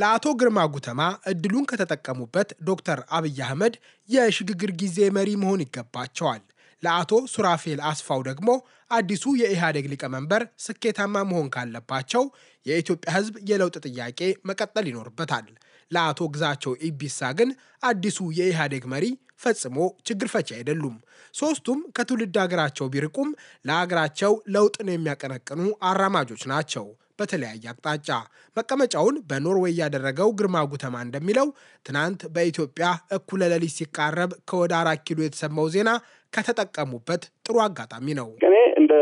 ለአቶ ግርማ ጉተማ እድሉን ከተጠቀሙበት ዶክተር አብይ አህመድ የሽግግር ጊዜ መሪ መሆን ይገባቸዋል። ለአቶ ሱራፌል አስፋው ደግሞ አዲሱ የኢህአዴግ ሊቀመንበር ስኬታማ መሆን ካለባቸው የኢትዮጵያ ሕዝብ የለውጥ ጥያቄ መቀጠል ይኖርበታል። ለአቶ ግዛቸው ኢቢሳ ግን አዲሱ የኢህአዴግ መሪ ፈጽሞ ችግር ፈቺ አይደሉም። ሶስቱም ከትውልድ ሀገራቸው ቢርቁም ለሀገራቸው ለውጥን የሚያቀነቅኑ አራማጆች ናቸው። በተለያየ አቅጣጫ መቀመጫውን በኖርዌይ ያደረገው ግርማ ጉተማ እንደሚለው ትናንት በኢትዮጵያ እኩለ ሌሊት ሲቃረብ ከወደ አራት ኪሎ የተሰማው ዜና ከተጠቀሙበት ጥሩ አጋጣሚ ነው። እኔ እንደ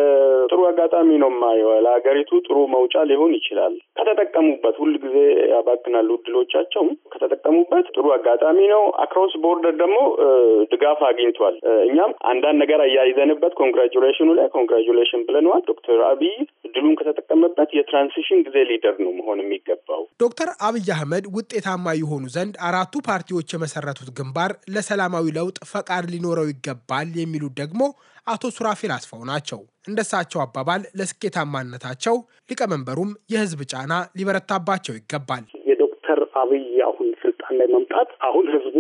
ጥሩ አጋጣሚ ነው የማየው። ለሀገሪቱ ጥሩ መውጫ ሊሆን ይችላል ከተጠቀሙበት። ሁል ጊዜ ያባክናሉ እድሎቻቸው። ከተጠቀሙበት ጥሩ አጋጣሚ ነው። አክሮስ ቦርደር ደግሞ ድጋፍ አግኝቷል። እኛም አንዳንድ ነገር አያይዘንበት ኮንግራጁሌሽኑ ላይ ኮንግራጁሌሽን ብለነዋል። ዶክተር አብይ እድሉን ከተጠቀመበት የትራንሲሽን ጊዜ ሊደር ነው መሆን የሚገባው። ዶክተር አብይ አህመድ ውጤታማ የሆኑ ዘንድ አራቱ ፓርቲዎች የመሰረቱት ግንባር ለሰላማዊ ለውጥ ፈቃድ ሊኖረው ይገባል የሚሉት ደግሞ አቶ ሱራፌል አስፋው ናቸው። እንደሳቸው አባባል ለስኬታማነታቸው ሊቀመንበሩም የህዝብ ጫና ሊበረታባቸው ይገባል። የዶክተር አብይ አሁን ስልጣን ላይ መምጣት አሁን ህዝቡ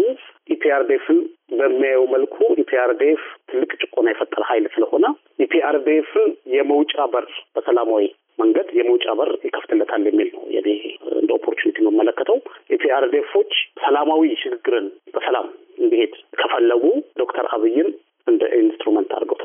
ኢፒአርዴፍን በሚያየው መልኩ ኢፒአርዴፍ ትልቅ ጭቆና የፈጠረ ኃይል ስለሆነ ኢፒአርዴፍን የመውጫ በር በሰላማዊ መንገድ የመውጫ በር ይከፍትለታል የሚል ነው የኔ እንደ ኦፖርቹኒቲ የምመለከተው። ኢፒአርዴፎች ሰላማዊ ሽግግርን በሰላም እንዲሄድ ከፈለጉ ዶክተር አብይን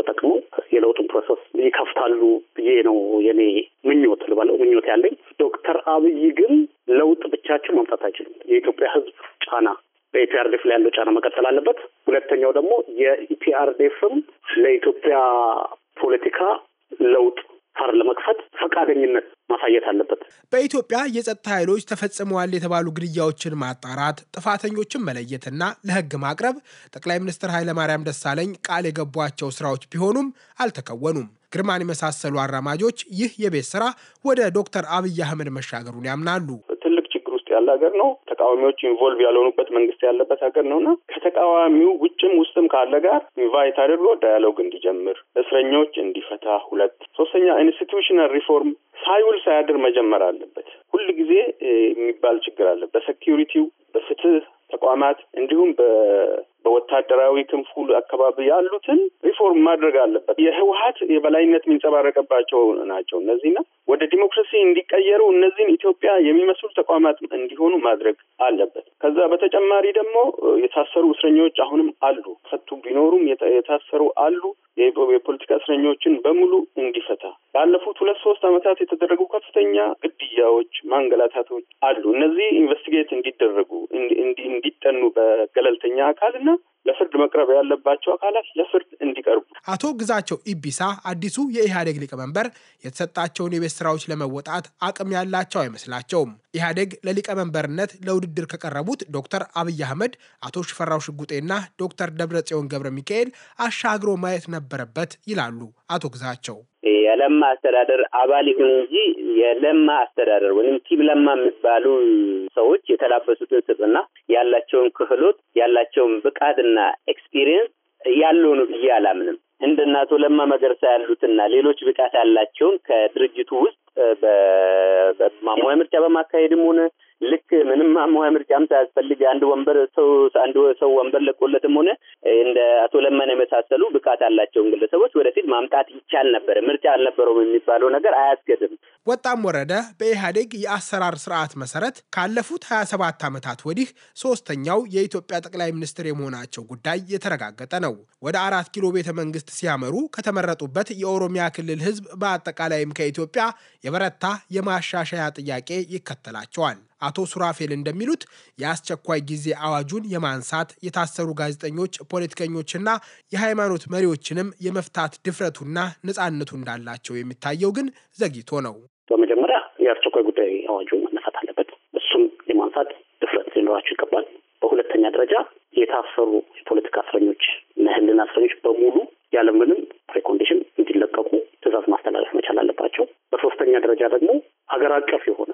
ተጠቅሞ የለውጡን ፕሮሰስ ይከፍታሉ ብዬ ነው የኔ ምኞት ልበለው ምኞት ያለኝ። ዶክተር አብይ ግን ለውጥ ብቻቸው ማምጣት አይችልም የኢትዮጵያ ህዝብ ጫና በኢፒአርዴፍ ላይ ያለው ጫና መቀጠል አለበት። ሁለተኛው ደግሞ የኢፒአርዴፍም ለኢትዮጵያ ፖለቲካ ለውጥ ፈር ለመክፈት ፈቃደኝነት ማሳየት አለበት። በኢትዮጵያ የጸጥታ ኃይሎች ተፈጽመዋል የተባሉ ግድያዎችን ማጣራት፣ ጥፋተኞችን መለየትና ለህግ ማቅረብ ጠቅላይ ሚኒስትር ኃይለማርያም ደሳለኝ ቃል የገቧቸው ስራዎች ቢሆኑም አልተከወኑም። ግርማን የመሳሰሉ አራማጆች ይህ የቤት ስራ ወደ ዶክተር አብይ አህመድ መሻገሩን ያምናሉ። ያለ ሀገር ነው። ተቃዋሚዎች ኢንቮልቭ ያልሆኑበት መንግስት ያለበት ሀገር ነው እና ከተቃዋሚው ውጭም ውስጥም ካለ ጋር ኢንቫይት አድርጎ ዳያሎግ እንዲጀምር፣ እስረኞች እንዲፈታ፣ ሁለት ሶስተኛ ኢንስቲቱሽናል ሪፎርም ሳይውል ሳያድር መጀመር አለበት። ሁል ጊዜ የሚባል ችግር አለ በሴኪሪቲው በፍትህ ተቋማት እንዲሁም በወታደራዊ ክንፉ አካባቢ ያሉትን ሪፎርም ማድረግ አለበት። የህወሀት የበላይነት የሚንጸባረቅባቸው ናቸው እነዚህና ወደ ዲሞክራሲ እንዲቀየሩ እነዚህን ኢትዮጵያ የሚመስሉ ተቋማት እንዲሆኑ ማድረግ አለበት። ከዛ በተጨማሪ ደግሞ የታሰሩ እስረኞች አሁንም አሉ፣ ፈቱ ቢኖሩም የታሰሩ አሉ። የፖለቲካ እስረኞችን በሙሉ እንዲፈታ ባለፉት ሁለት ሶስት ዓመታት የተደረጉ ከፍተኛ ግድያዎች፣ ማንገላታቶች አሉ። እነዚህ ኢንቨስቲጌት እንዲደረጉ እንዲጠኑ በገለልተኛ አካል እና ለፍርድ መቅረብ ያለባቸው አካላት ለፍርድ እንዲቀርቡ። አቶ ግዛቸው ኢቢሳ አዲሱ የኢህአዴግ ሊቀመንበር የተሰጣቸውን የቤት ስራዎች ለመወጣት አቅም ያላቸው አይመስላቸውም። ኢህአዴግ ለሊቀመንበርነት ለውድድር ከቀረቡት ዶክተር አብይ አህመድ፣ አቶ ሽፈራው ሽጉጤና ዶክተር ደብረጽዮን ገብረ ሚካኤል አሻግሮ ማየት ነበረበት ይላሉ አቶ ግዛቸው። የለማ አስተዳደር አባል ይሁን እንጂ የለማ አስተዳደር ወይም ቲም ለማ የሚባሉ ሰዎች የተላበሱትን ስጥና ያላቸውን ክህሎት ያላቸውን ብቃትና ኤክስፒሪየንስ ያለው ነው ብዬ አላምንም። እንደ እናቶ ለማ መገርሳ ያሉትና ሌሎች ብቃት ያላቸውን ከድርጅቱ ውስጥ በማሟያ ምርጫ በማካሄድም ሆነ ልክ ምንም ማሟያ ምርጫም ሳያስፈልግ አንድ ወንበር ሰው አንድ ሰው ወንበር ለቆለትም ሆነ እንደ አቶ ለመን የመሳሰሉ ብቃት ያላቸውን ግለሰቦች ወደፊት ማምጣት ይቻል ነበር። ምርጫ አልነበረውም የሚባለው ነገር አያስገድም። ወጣም ወረደ በኢህአዴግ የአሰራር ስርዓት መሰረት ካለፉት ሀያ ሰባት ዓመታት ወዲህ ሶስተኛው የኢትዮጵያ ጠቅላይ ሚኒስትር የመሆናቸው ጉዳይ የተረጋገጠ ነው። ወደ አራት ኪሎ ቤተ መንግስት ሲያመሩ ከተመረጡበት የኦሮሚያ ክልል ህዝብ በአጠቃላይም ከኢትዮጵያ የበረታ የማሻሻያ ጥያቄ ይከተላቸዋል። አቶ ሱራፌል እንደሚሉት የአስቸኳይ ጊዜ አዋጁን የማንሳት የታሰሩ ጋዜጠኞች፣ ፖለቲከኞችና የሃይማኖት መሪዎችንም የመፍታት ድፍረቱና ነጻነቱ እንዳላቸው የሚታየው ግን ዘግይቶ ነው። በመጀመሪያ የአስቸኳይ ጉዳይ አዋጁ መነሳት አለበት። እሱም የማንሳት ድፍረት ሊኖራቸው ይገባል። በሁለተኛ ደረጃ የታሰሩ የፖለቲካ እስረኞች እና የህሊና እስረኞች በሙሉ ያለምንም ፕሪኮንዲሽን እንዲለቀቁ ትእዛዝ ማስተላለፍ መቻል አለባቸው። በሶስተኛ ደረጃ ደግሞ ሀገር አቀፍ የሆነ